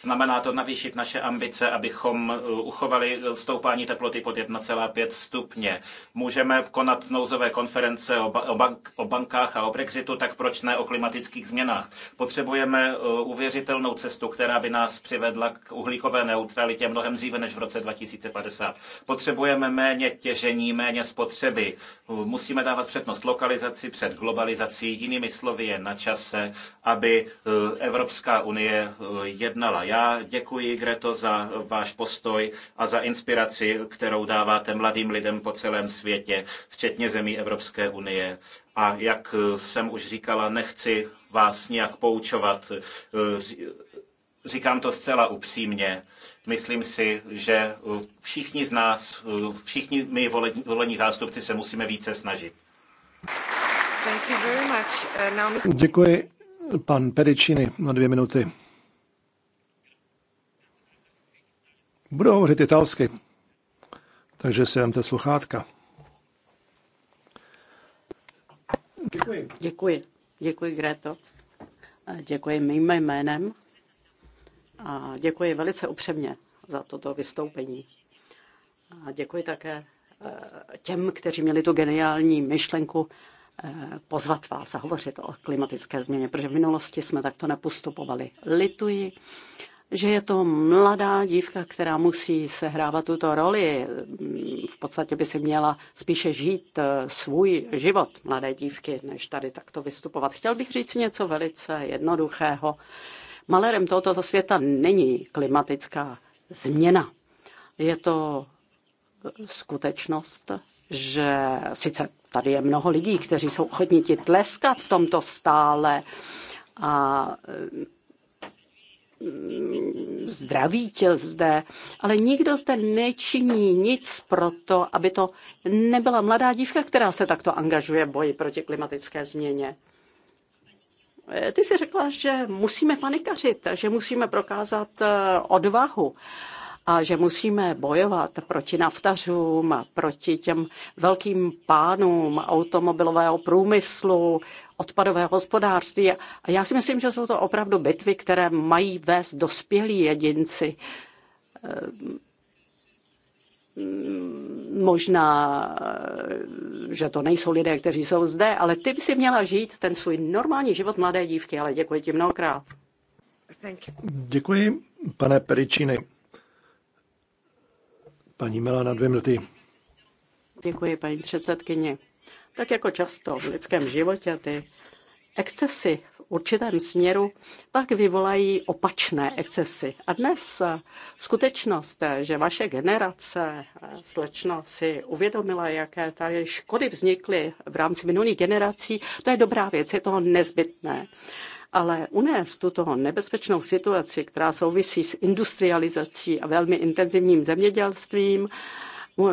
Znamená to navýšit naše ambice, abychom e, uchovali stoupání teploty pod 1,5 stupně. Můžeme konat nouzové konference o, ba- o, bank- o bankách a o Brexitu, tak proč ne o klimatických změnách? Potřebujeme e, uvěřitelnou cestu, která by nás přivedla k uhlíkové neutralitě mnohem dříve než v roce 2050. Potřebujeme méně těžení, méně spotřeby. E, musíme dávat přednost lokalizaci před globalizací. Jinými slovy je na čase, aby Evropská unie jednala já děkuji, Greto, za váš postoj a za inspiraci, kterou dáváte mladým lidem po celém světě, včetně zemí Evropské unie. A jak jsem už říkala, nechci vás nějak poučovat. Říkám to zcela upřímně. Myslím si, že všichni z nás, všichni my volení zástupci se musíme více snažit. Uh, děkuji, pan Pedicini, na dvě minuty. Budu hovořit italsky, takže si vemte sluchátka. Děkuji. Děkuji. Děkuji, Greto. Děkuji mým jménem a děkuji velice upřemně za toto vystoupení. A děkuji také eh, těm, kteří měli tu geniální myšlenku eh, pozvat vás a hovořit o klimatické změně, protože v minulosti jsme takto nepostupovali. Lituji že je to mladá dívka, která musí sehrávat tuto roli. V podstatě by si měla spíše žít eh, svůj život mladé dívky, než tady takto vystupovat. Chtěl bych říct něco velice jednoduchého. Malerem tohoto světa není klimatická změna. Je to eh, skutečnost, že sice tady je mnoho lidí, kteří jsou ochotní ti tleskat v tomto stále a eh, Mm, zdravítil zde, ale nikdo zde nečiní nic pro to, aby to nebyla mladá dívka, která se takto angažuje v boji proti klimatické změně. Eh, ty jsi řekla, že musíme panikařit, že musíme prokázat eh, odvahu a že musíme bojovat proti naftařům, proti těm velkým pánům automobilového průmyslu, odpadové hospodářství. A já si myslím, že jsou to opravdu bitvy, které mají vést dospělí jedinci. Ehm, možná, že to nejsou lidé, kteří jsou zde, ale ty by si měla žít ten svůj normální život mladé dívky, ale děkuji ti mnohokrát. Děkuji, pane Peričiny. Paní Milana, dvě minuty. Děkuji, paní předsedkyně. Tak jako často v lidském životě ty excesy v určitém směru pak vyvolají opačné excesy. A dnes skutečnost, že vaše generace, slečno, si uvědomila, jaké tady škody vznikly v rámci minulých generací, to je dobrá věc, je toho nezbytné. Ale unést tuto nebezpečnou situaci, která souvisí s industrializací a velmi intenzivním zemědělstvím,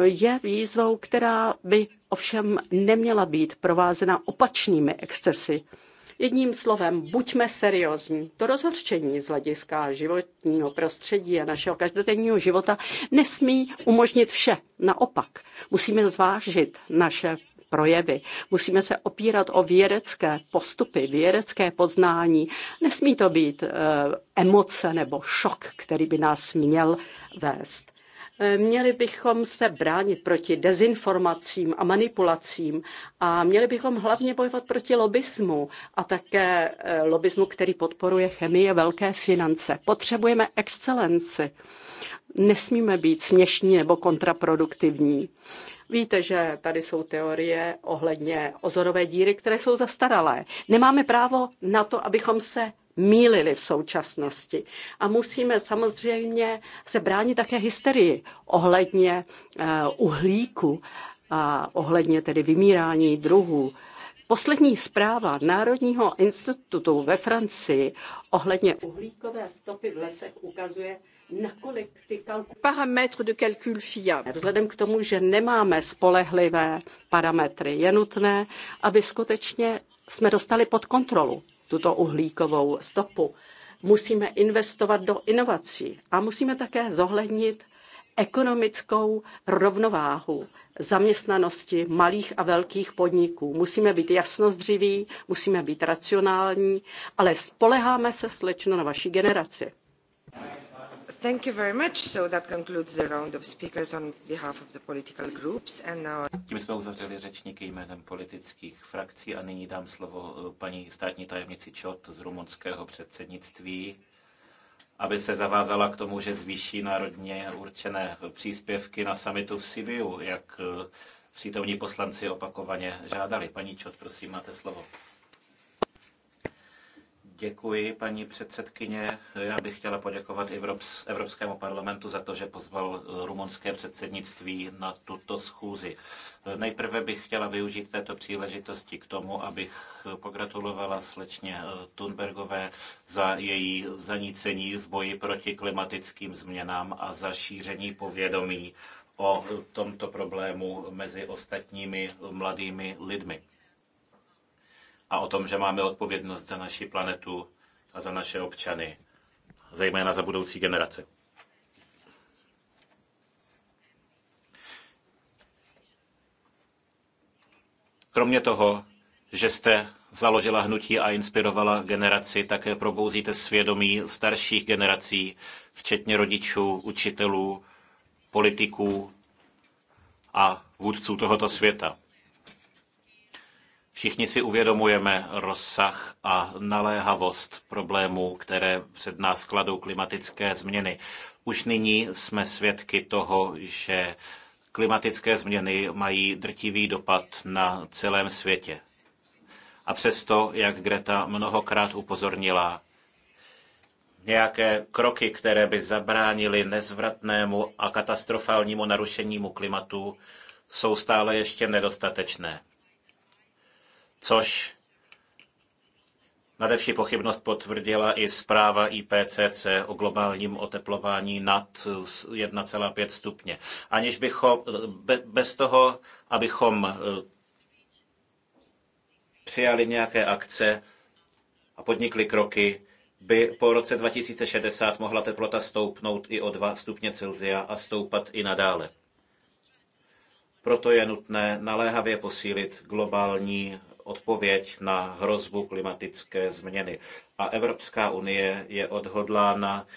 je výzvou, která by ovšem neměla být provázena opačnými excesy. Jedním slovem, buďme seriózní. To rozhorčení z hlediska životního prostředí a našeho každodenního života nesmí umožnit vše. Naopak, musíme zvážit naše projevy. Musíme se opírat o vědecké postupy, vědecké poznání. Nesmí to být e, emoce nebo šok, který by nás měl vést. Měli bychom se bránit proti dezinformacím a manipulacím a měli bychom hlavně bojovat proti lobismu a také eh, lobismu, který podporuje chemie velké finance. Potřebujeme excelenci. Nesmíme být směšní nebo kontraproduktivní. Víte, že tady jsou teorie ohledně ozorové díry, které jsou zastaralé. Nemáme právo na to, abychom se mýlili v současnosti. A musíme samozřejmě se bránit také hysterii ohledně eh, uhlíku a ohledně tedy vymírání druhů. Poslední zpráva Národního institutu ve Francii ohledně uhlíkové stopy v lesech ukazuje, nakolik ty parametry de calcul FIA. Vzhledem k tomu, že nemáme spolehlivé parametry, je nutné, aby skutečně jsme dostali pod kontrolu tuto uhlíkovou stopu. Musíme investovat do inovací a musíme také zohlednit ekonomickou rovnováhu zaměstnanosti malých a velkých podniků. Musíme být jasnozdřiví, musíme být racionální, ale spoleháme se slečno na vaší generaci. Thank you very much. So that concludes the round of speakers on behalf of the political groups and now... Tím jsme uzavřeli řečníky jménem politických frakcí a nyní dám slovo eh, paní státní tajemnici Čot z rumunského předsednictví, aby se zavázala k tomu, že zvýší národně určené příspěvky na samitu v Sibiu, jak eh, přítomní poslanci opakovaně žádali. Paní Čot, prosím, máte slovo. Děkuji, paní předsedkyně. Já bych chtěla poděkovat Evropskému parlamentu za to, že pozval eh, rumunské předsednictví na tuto schůzi. Nejprve bych chtěla využít této příležitosti k tomu, abych pogratulovala slečně eh, Thunbergové za její zanícení v boji proti klimatickým změnám a za šíření povědomí o eh, tomto problému mezi ostatními mladými lidmi a o tom, že máme odpovědnost za naši planetu a za naše občany, zejména za budoucí generace. Kromě toho, že jste založila hnutí a inspirovala generaci, také probouzíte svědomí starších generací, včetně rodičů, učitelů, politiků a vůdců tohoto světa. Všichni si uvědomujeme rozsah a naléhavost problémů, které před nás kladou klimatické změny. Už nyní jsme svědky toho, že klimatické změny mají drtivý dopad na celém světě. A přesto, jak Greta mnohokrát upozornila, nějaké kroky, které by zabránily nezvratnému a katastrofálnímu narušenímu klimatu, jsou stále ještě nedostatečné což nade pochybnost potvrdila i zpráva IPCC o globálním oteplování nad 1,5 stupně. Aniž bychom, bez toho, abychom e, přijali nějaké akce a podnikli kroky, by po roce 2060 mohla teplota stoupnout i o 2 stupně Celsia a stoupat i nadále. Proto je nutné naléhavě posílit globální odpověď na hrozbu klimatické změny. A Evropská unie je odhodlána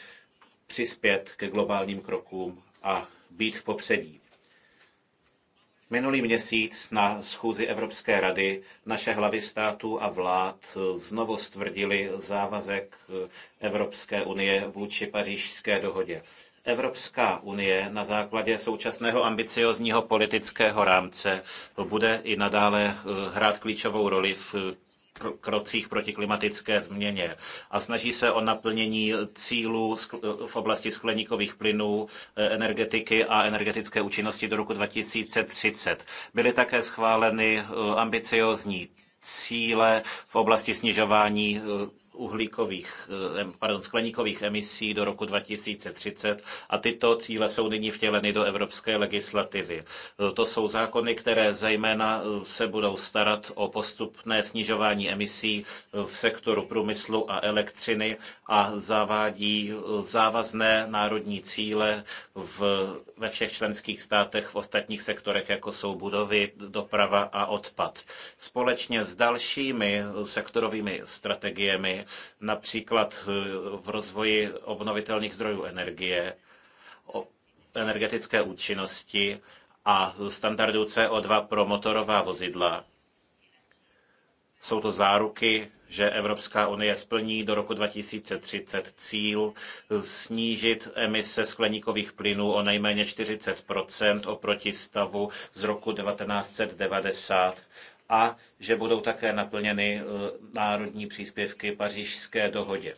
přispět ke globálním krokům a být v popředí. Minulý měsíc na schůzi Evropské rady naše hlavy států a vlád znovu stvrdili závazek Evropské unie vůči pařížské dohodě. Evropská unie na základě současného ambiciozního politického rámce bude i nadále eh, hrát klíčovou roli v eh, krocích proti klimatické změně a snaží se o naplnění cílů eh, v oblasti skleníkových plynů, energetiky a energetické účinnosti do roku 2030. Byly také schváleny ambiciozní cíle v oblasti snižování uhlíkových, eh, pardon, skleníkových emisí do roku 2030 a tyto cíle jsou nyní vtěleny do evropské legislativy. Eh, to jsou zákony, které zejména eh, se budou starat o postupné snižování emisí v sektoru průmyslu a elektřiny a zavádí závazné národní cíle v, ve všech členských státech v ostatních sektorech, jako jsou budovy, doprava a odpad. Společně s dalšími sektorovými strategiemi například eh, v rozvoji obnovitelných zdrojů energie, energetické účinnosti a standardů CO2 pro motorová vozidla. Jsou to záruky, že Evropská unie splní do roku 2030 cíl snížit emise skleníkových plynů o nejméně 40 oproti stavu z roku 1990 a že budou také naplněny eh, národní příspěvky pařížské dohodě.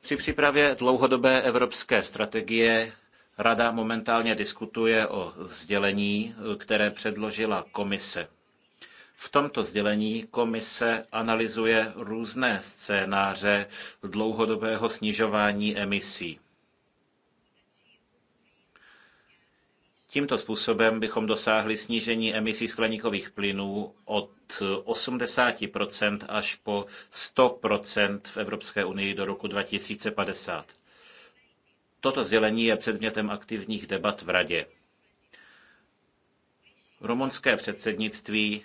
Při přípravě dlouhodobé evropské strategie Rada momentálně diskutuje o sdělení, eh, které předložila komise. V tomto sdělení komise analyzuje různé scénáře dlouhodobého snižování emisí. Tímto způsobem bychom dosáhli snížení emisí skleníkových plynů od 80% až po 100% v Evropské unii do roku 2050. Toto sdělení je předmětem aktivních debat v Radě. Rumunské předsednictví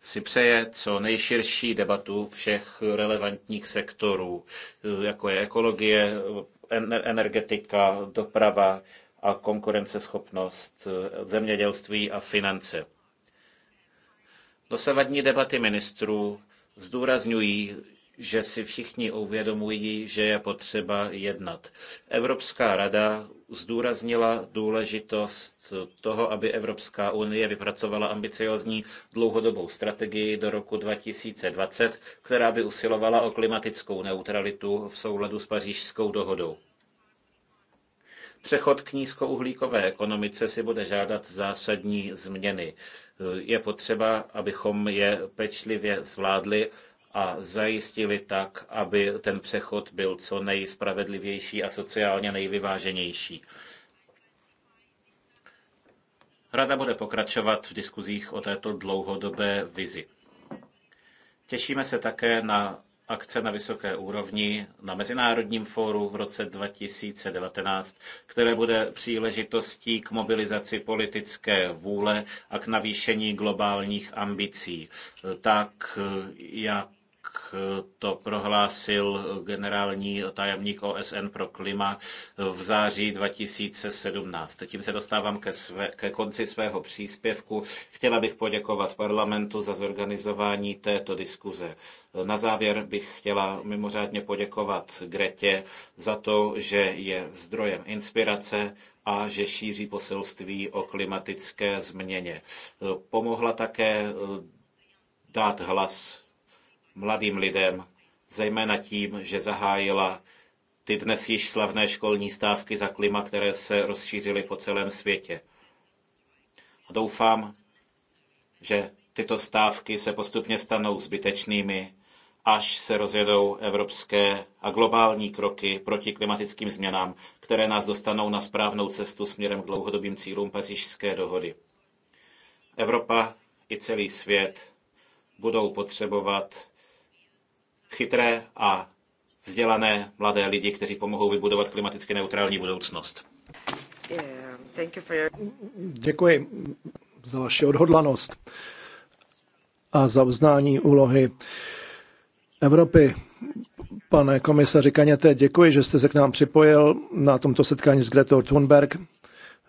si přeje co nejširší debatu všech relevantních sektorů, jako je ekologie, energetika, doprava a konkurenceschopnost, eh, zemědělství a finance. Dosavadní debaty ministrů zdůrazňují, že si všichni uvědomují, že je potřeba jednat. Evropská rada zdůraznila důležitost toho, aby Evropská unie vypracovala ambiciozní dlouhodobou strategii do roku 2020, která by usilovala o klimatickou neutralitu v souladu s pařížskou dohodou. Přechod k nízkouhlíkové ekonomice si bude žádat zásadní změny. Je potřeba, abychom je pečlivě zvládli a zajistili tak, aby ten přechod byl co nejspravedlivější a sociálně nejvyváženější. Rada bude pokračovat v diskuzích o této dlouhodobé vizi. Těšíme se také na akce na vysoké úrovni na Mezinárodním fóru v roce 2019, které bude příležitostí k mobilizaci politické vůle a k navýšení globálních ambicí, tak jak Eh, to prohlásil generální tajemník OSN pro klima v září 2017. Tím se dostávám ke, své, ke konci svého příspěvku. Chtěla bych poděkovat parlamentu za zorganizování této diskuze. Na závěr bych chtěla mimořádně poděkovat Gretě za to, že je zdrojem inspirace a že šíří poselství o klimatické změně. Pomohla také eh, dát hlas mladým lidem, zejména tím, že zahájila ty dnes již slavné školní stávky za klima, které se rozšířily po celém světě. A doufám, že tyto stávky se postupně stanou zbytečnými, až se rozjedou evropské a globální kroky proti klimatickým změnám, které nás dostanou na správnou cestu směrem k dlouhodobým cílům pařížské dohody. Evropa i celý svět budou potřebovat chytré a vzdělané mladé lidi, kteří pomohou vybudovat klimaticky neutrální budoucnost. Děkuji za vaši odhodlanost a za uznání úlohy Evropy. Pane komisaři Kaněte, děkuji, že jste se k nám připojil na tomto setkání s Gretou Thunberg.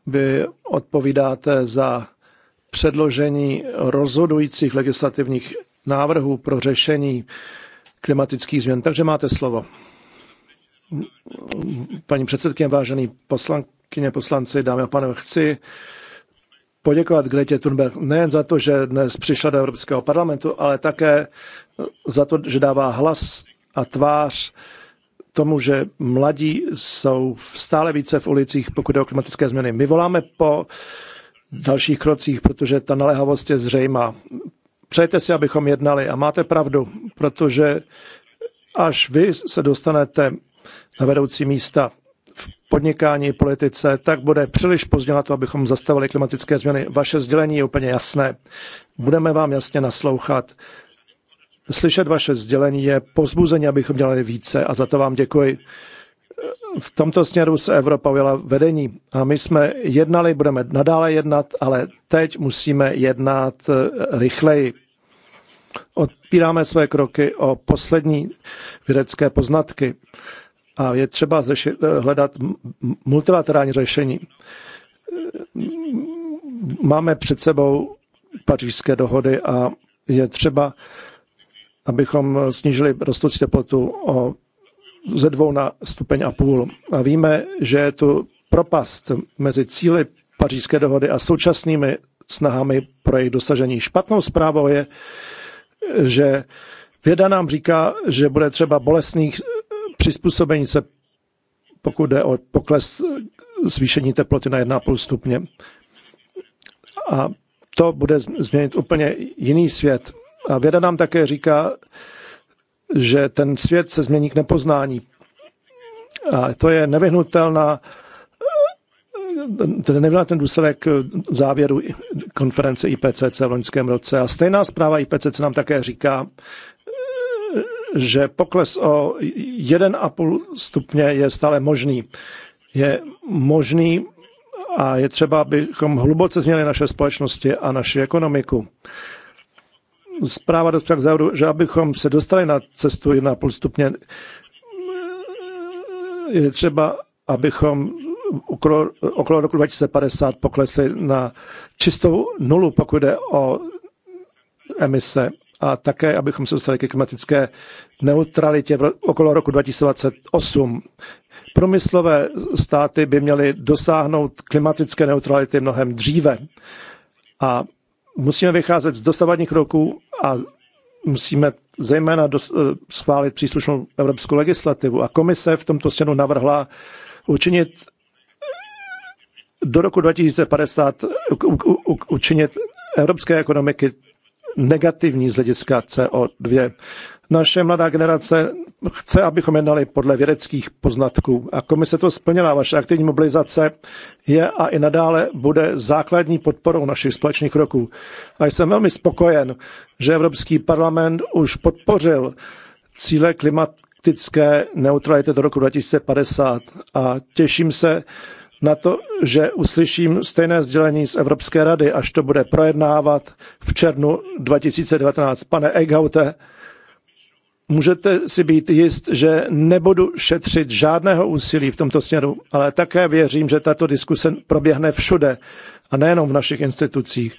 Vy odpovídáte za předložení rozhodujících legislativních návrhů pro řešení klimatických změn. Takže máte slovo. Paní předsedkyně, vážený poslankyně, poslanci, dámy a pánové, chci poděkovat Gretě Thunberg nejen za to, že dnes přišla do Evropského parlamentu, ale také za to, že dává hlas a tvář tomu, že mladí jsou stále více v ulicích, pokud je o klimatické změny. My voláme po dalších krocích, protože ta naléhavost je zřejmá přejte si, abychom jednali a máte pravdu, protože až vy se dostanete na vedoucí místa v podnikání, politice, tak bude příliš pozdě na to, abychom zastavili klimatické změny. Vaše sdělení je úplně jasné. Budeme vám jasně naslouchat. Slyšet vaše sdělení je pozbuzení, abychom dělali více a za to vám děkuji. V tomto směru se Evropa ujela vedení a my jsme jednali, budeme nadále jednat, ale teď musíme jednat eh, rychleji. Odpíráme své kroky o poslední vědecké poznatky a je třeba zřešit, hledat multilaterální řešení. Máme před sebou pařížské dohody a je třeba, abychom snížili rostoucí teplotu o ze dvou na stupeň a půl. A víme, že je tu propast mezi cíly pařížské dohody a současnými snahami pro jejich dosažení. Špatnou zprávou je, že věda nám říká, že bude třeba bolestných přizpůsobení se, pokud jde o pokles zvýšení teploty na 1,5 stupně. A to bude změnit úplně jiný svět. A věda nám také říká, že ten svět se změní k nepoznání. A to je nevyhnutelná tedy nebyl ten důsledek eh, závěru konference IPCC v loňském roce. A stejná zpráva IPCC nám také říká, eh, že pokles o 1,5 stupně je stále možný. Je možný a je třeba, abychom hluboce změnili naše společnosti a naši ekonomiku. Zpráva dostala k závodu, že abychom se dostali na cestu 1,5 stupně, eh, je třeba, abychom okolo, okolo roku 2050 poklesly na čistou nulu, pokud jde o emise a také, abychom se dostali ke klimatické neutralitě v, okolo roku 2028. Promyslové státy by měly dosáhnout klimatické neutrality mnohem dříve. A musíme vycházet z dosavadních roků a musíme zejména dos, eh, schválit příslušnou evropskou legislativu. A komise v tomto stěnu navrhla učinit do roku 2050 učinit evropské ekonomiky negativní z hlediska CO2. Naše mladá generace chce, abychom jednali podle vědeckých poznatků a komise to splnila. Vaše aktivní mobilizace je a i nadále bude základní podporou našich společných kroků. A jsem velmi spokojen, že Evropský parlament už podpořil cíle klimatické neutrality do roku 2050 a těším se, na to, že uslyším stejné sdělení z Evropské rady, až to bude projednávat v červnu 2019. Pane Eichhaute, můžete si být jist, že nebudu šetřit žádného úsilí v tomto směru, ale také věřím, že tato diskuse proběhne všude a nejenom v našich institucích,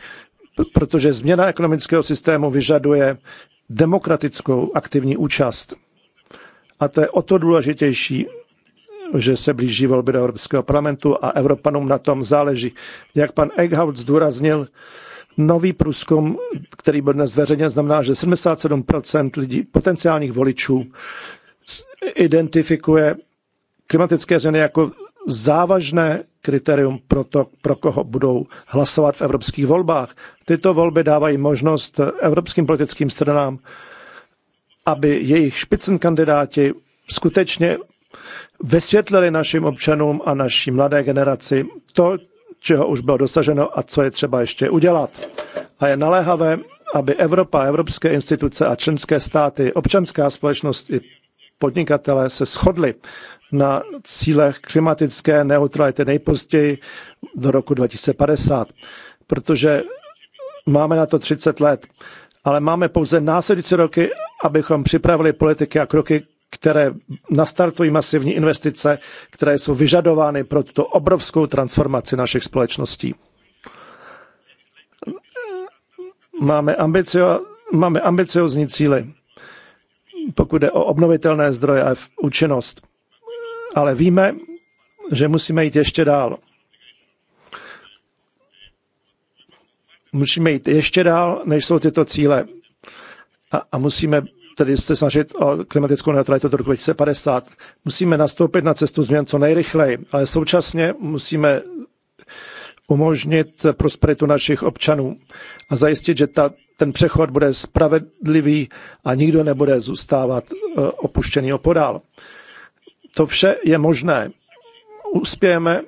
protože změna ekonomického systému vyžaduje demokratickou aktivní účast. A to je o to důležitější že se blíží volby do Evropského parlamentu a Evropanům na tom záleží. Jak pan Eckhout zdůraznil, nový průzkum, který byl dnes zveřejněn, znamená, že 77% lidí, potenciálních voličů identifikuje klimatické změny jako závažné kritérium pro to, pro koho budou hlasovat v evropských volbách. Tyto volby dávají možnost evropským politickým stranám, aby jejich špicen kandidáti skutečně vysvětlili našim občanům a naší mladé generaci to, čeho už bylo dosaženo a co je třeba ještě udělat. A je naléhavé, aby Evropa, evropské instituce a členské státy, občanská společnost i podnikatelé se shodli na cílech klimatické neutrality nejpozději do roku 2050, protože máme na to 30 let, ale máme pouze následující roky, abychom připravili politiky a kroky které nastartují masivní investice, které jsou vyžadovány pro tuto obrovskou transformaci našich společností. Máme, ambicio, máme ambiciozní cíly, pokud jde o obnovitelné zdroje a účinnost. Ale víme, že musíme jít ještě dál. Musíme jít ještě dál, než jsou tyto cíle. A, a musíme tedy se snažit o klimatickou neutralitu do roku 2050. Musíme nastoupit na cestu změn co nejrychleji, ale současně musíme umožnit prosperitu našich občanů a zajistit, že ta, ten přechod bude spravedlivý a nikdo nebude zůstávat eh, opuštěný opodál. To vše je možné. Uspějeme,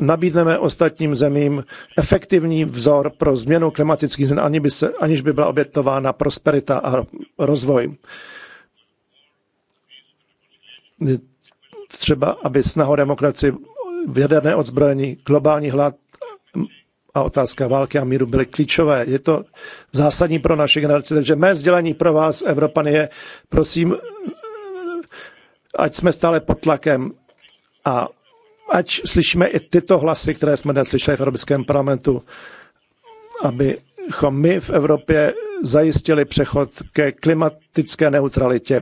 nabídneme ostatním zemím efektivní vzor pro změnu klimatických změn, ani by se, aniž by byla obětována prosperita a rozvoj. Třeba, aby snaha o demokracii, jaderné odzbrojení, globální hlad a otázka války a míru byly klíčové. Je to zásadní pro naši generaci, takže mé sdělení pro vás, Evropany, je, prosím, ať jsme stále pod tlakem a ať slyšíme i tyto hlasy, které jsme dnes slyšeli v Evropském parlamentu, abychom my v Evropě zajistili přechod ke klimatické neutralitě.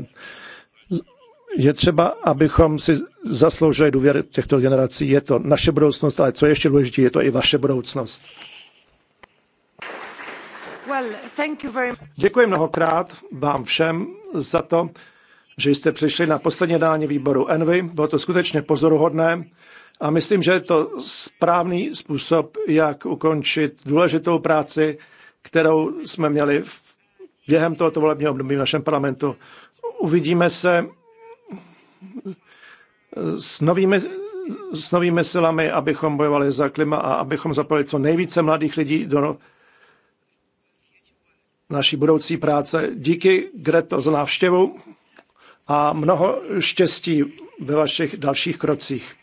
Je třeba, abychom si zasloužili důvěru těchto generací. Je to naše budoucnost, ale co je ještě důležitější, je to i vaše budoucnost. Děkuji mnohokrát vám všem za to, že jste přišli na poslední dání výboru Envy. Bylo to skutečně pozoruhodné. A myslím, že je to správný způsob, jak ukončit důležitou práci, kterou jsme měli v během tohoto volebního období v našem parlamentu. Uvidíme se s novými, s novými silami, abychom bojovali za klima a abychom zapojili co nejvíce mladých lidí do naší budoucí práce. Díky Greto za návštěvu a mnoho štěstí ve vašich dalších krocích.